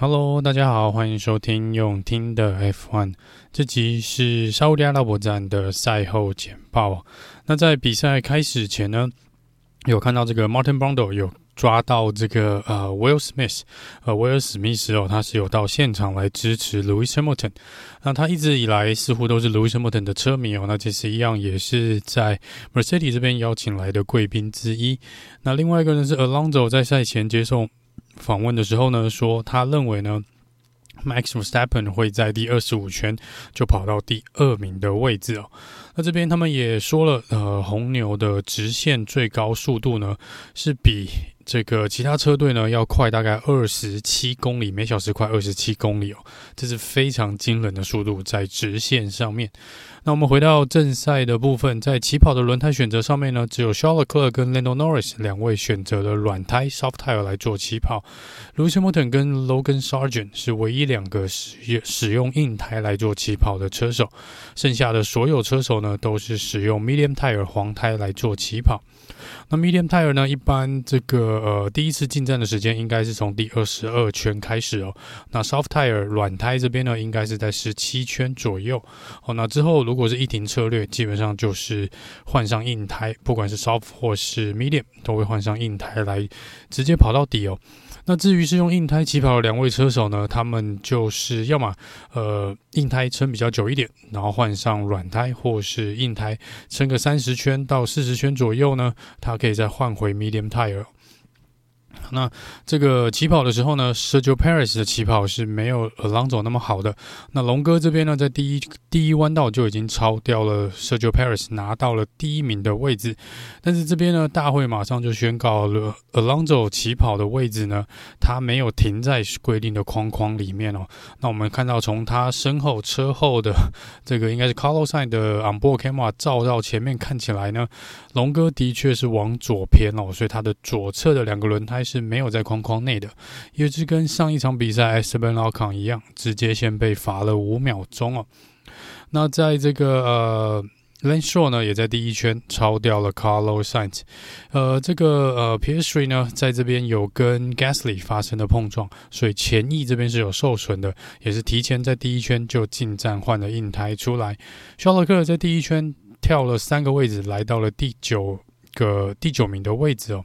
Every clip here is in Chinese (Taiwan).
Hello，大家好，歡迎收聽用聽的 F One。這集是沙烏地阿拉伯站的賽後簡報。那在比賽開始前呢，有看到這個 Martin Brundle 有抓到這個呃 Will Smith，呃，威爾史密斯哦，他是有到現場來支持 Louis Hamilton。那他一直以來似乎都是 Louis Hamilton 的車迷哦，那其實一樣也是在 Mercedes 這邊邀請來的貴賓之一。那另外一個人是 Alonso，在賽前接受訪問的時候呢，說他認為呢，Max Verstappen 會在第二十五圈就跑到第二名的位置哦。那這邊他們也說了，呃，紅牛的直線最高速度呢，是比。這個其他車隊呢，要快大概二十七公里每小時，快二十七公里哦，這是非常驚人的速度在直線上面。那我們回到正賽的部分，在起跑的輪胎選擇上面呢，只有 Charles Leclerc 跟 Lando Norris 兩位選擇了軟胎 （soft tire） 來做起跑。Lewis Hamilton 跟 Logan Sargent 是唯一兩個使使用硬胎來做起跑的車手，剩下的所有車手呢，都是使用 medium tire 黃胎來做起跑。那 medium tire 呢，一般這個。呃，第一次進站的時間應該是從第二十二圈開始哦。那 soft tire 軟胎這邊呢，應該是在十七圈左右哦。那之後如果是一停策略，基本上就是換上硬胎，不管是 soft 或是 medium，都會換上硬胎來直接跑到底哦。那至於是用硬胎起跑的兩位車手呢，他們就是要嘛呃硬胎撐比較久一點，然後換上軟胎或是硬胎撐個三十圈到四十圈左右呢，他可以再換回 medium tire。那這個起跑的時候呢，Sergio Paris 的起跑是沒有 Alonso 那麼好的。那龍哥這邊呢，在第一第一彎道就已經超掉了 Sergio Paris，拿到了第一名的位置。但是這邊呢，大會馬上就宣告了 Alonso 起跑的位置呢，他沒有停在規定的框框裡面哦、喔。那我們看到從他身後車後的這個應該是 Carlos Sainz 的 onboard camera 照到前面看起來呢，龍哥的確是往左偏哦、喔，所以他的左側的兩個輪胎。是沒有在框框內的，也是跟上一場比賽 Esteban Ocon 一樣，直接先被罰了五秒鐘哦。那在這個呃 Lane Shore 呢，也在第一圈超掉了 Carlos Sainz。呃，這個呃 Piastri 呢，在這邊有跟 Gasly 發生的碰撞，所以前翼這邊是有受損的，也是提前在第一圈就進站換了硬胎出來。肖洛克在第一圈跳了三個位置，來到了第九個第九名的位置哦。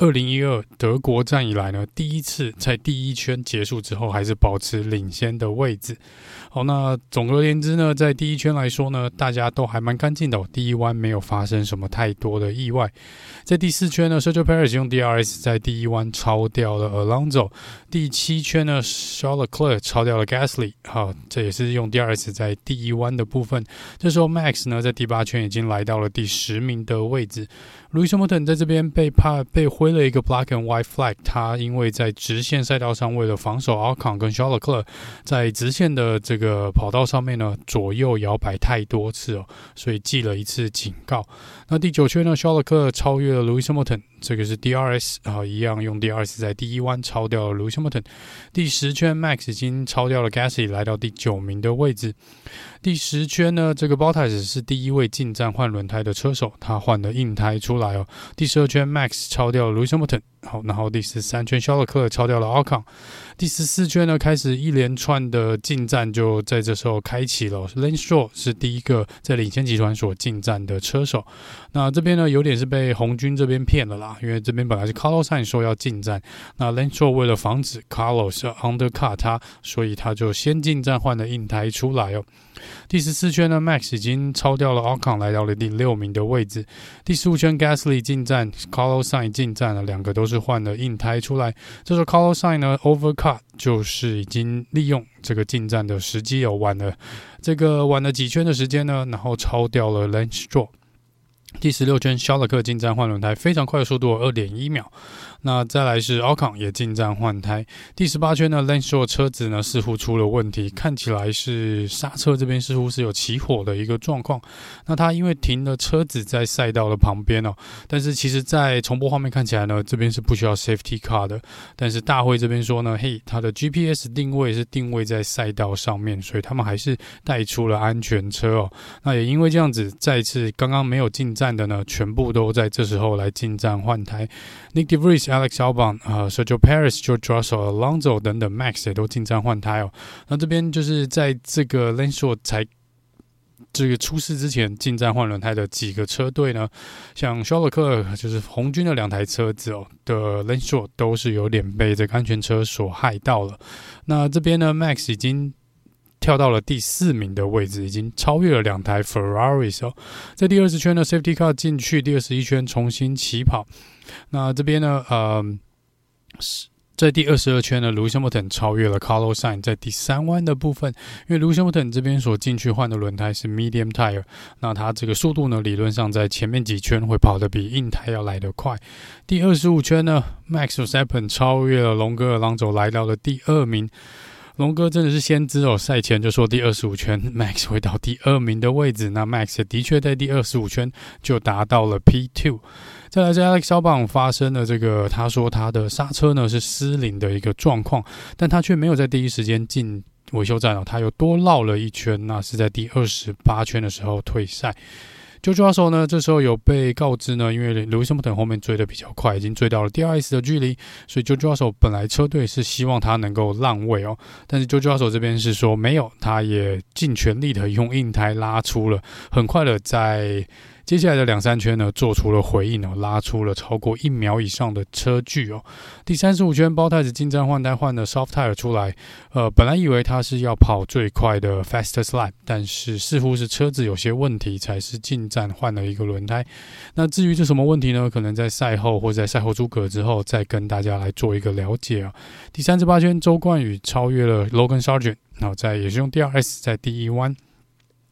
二零一二德國站以來呢，第一次在第一圈結束之後還是保持領先的位置。好，那總而言之呢，在第一圈來說呢，大家都還蠻乾淨的，哦，第一彎沒有發生什麼太多的意外。在第四圈呢，Sergio Perez 用 DRS 在第一彎超掉了 Alonso。第七圈呢，Charles Leclerc 超掉了 Gasly。好，這也是用 DRS 在第一彎的部分。這時候 Max 呢，在第八圈已經來到了第十名的位置。路易斯 Hamilton 在這邊被怕，被揮了一個 black and white flag，他因為在直線賽道上為了防守 Ocon 跟 Leclerc，在直線的這個跑道上面呢左右搖擺太多次哦，所以記了一次警告。那第九圈呢 Leclerc 超越了路易斯 Hamilton，這個是 DRS 啊，一樣用 DRS 在第一彎超掉了路易斯 Hamilton。第十圈，Max 已經超掉了 Gasly 來到第九名的位置。第十圈呢，這個 Bottas 是第一位進站換輪胎的車手，他換了硬胎出。來哦，第十二圈 Max 超掉了路易斯漢米爾頓。好，然後第十三圈 Leclerc 超掉了奧康，第十四圈呢開始一連串的進站，就在這時候開啟了。Lance Stroll 是第一個在領先集團所進站的車手。那這邊呢有點是被紅軍這邊騙了啦，因為這邊本來是 Carlos Sainz 說要進站，那 Lance Stroll 為了防止 Carlos undercut 他，所以他就先進站換了硬胎出來哦、喔。第十四圈呢，Max 已經超掉了奧康，來到了第六名的位置。第十五圈 Gasly 進站，Carlos Sainz 進站了，兩個都。就是換了硬胎出來，這時候 Carlos Sainz 呢 overcut 就是已經利用這個進站的時機，哦，又晚了這個晚了幾圈的時間呢，然後超掉了 Lance Stroll。第十六圈肖勒克進站換輪胎，非常快的速度，二點一秒。那再來是 Ocon 也進站換胎。第十八圈呢，Lance Stroll 的車子呢似乎出了問題，看起來是剎車這邊似乎是有起火的一個狀況。那他因為停了車子在賽道的旁邊哦，但是其實在重播畫面看起來呢，這邊是不需要 Safety Car 的。但是大會這邊說呢，嘿，他的 GPS 定位是定位在賽道上面，所以他們還是帶出了安全車哦、喔。那也因為這樣子，再次剛剛沒有進站的呢，全部都在這時候來進站換胎。Nyck de Vries Alex Albon、啊，uh，Sergio Perez George Russell、Alonso 等等，Max 也都進站換胎哦。那這邊就是在這個 Lance Stroll 才這個出事之前進站換輪胎的幾個車隊呢，像肖洛克就是紅軍的兩台車子哦的 Lance Stroll 都是有點被這個安全車所害到了。那這邊呢，Max 已經。跳到了第四名的位置，已經超越了兩台 Ferraris 哦，在第二十圈的 Safety Car 進去，第二十一圈重新起跑。那這邊呢，呃，在第二十二圈呢，盧西莫頓超越了 Carlos Sainz 在第三彎的部分，因為盧西莫頓這邊所進去換的輪胎是 Medium Tire，那他這個速度呢，理論上在前面幾圈會跑得比硬胎要來得快。第二十五圈呢，Max Verstappen 超越了龍哥和狼總，來到了第二名。龍哥真的是先知哦，賽前就說第二十五圈，Max 回到第二名的位置，那 Max 的確在第二十五圈就達到了 P two。再來這 Alex Albon 發生了這個，他說他的剎車呢是失靈的一個狀況，但他卻沒有在第一時間進維修站哦，他又多繞了一圈，那是在第二十八圈的時候退賽。Jojo 阿手呢？這時候有被告知呢，因為 Lewis 不等後面追的比較快，已經追到了 DRS 的距離，所以 Jojo 阿手本來車隊是希望他能夠讓位哦、喔，但是 Jojo 阿手這邊是說沒有，他也盡全力的用硬胎拉出了很快的在。接下來的兩三圈呢，做出了回應哦、喔，拉出了超過一秒以上的車距哦、喔。第三十五圈，包太子進站換胎，換了 soft tire 出來。呃，本來以為他是要跑最快的 fastest lap，但是似乎是車子有些問題，才是進站換了一個輪胎。那至於這什麼問題呢？可能在賽後或在賽後諸葛之後，再跟大家來做一個了解哦、喔。第三十八圈，周冠宇超越了 Logan Sargent，然後在也是用 DRS 在第一彎。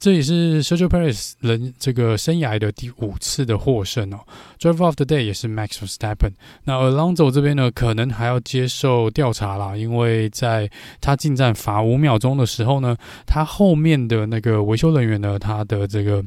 這也是 Sergio Perez 人這個生涯的第五次的獲勝哦。Driver of the Day 也是 Max Verstappen 那 Alonso 這邊呢，可能還要接受調查啦，因為在他進站罰五秒鐘的時候呢，他後面的那個維修人員呢，他的這個。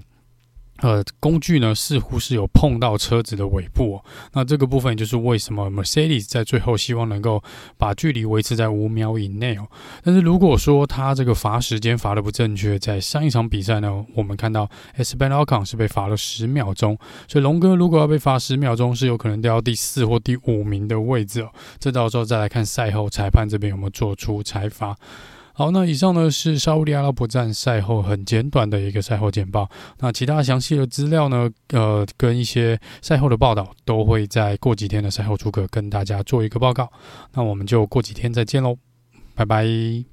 呃，工具呢似乎是有碰到車子的尾部哦，那這個部分就是為什麼 Mercedes 在最後希望能夠把距離維持在五秒以內哦。但是如果說他這個罰時間罰得不正確，在上一場比賽呢，我們看到 Esteban Ocon 是被罰了十秒鐘，所以龍哥如果要被罰十秒鐘，是有可能掉到第四或第五名的位置哦。這到時候再來看賽後裁判這邊有沒有做出裁罰。好，那以上呢是沙烏地阿拉伯站賽後很簡短的一個賽後簡報。那其他詳細的資料呢，呃，跟一些賽後的報道，都會在過幾天的賽後諸葛，跟大家做一個報告。那我們就過幾天再見嘍，拜拜。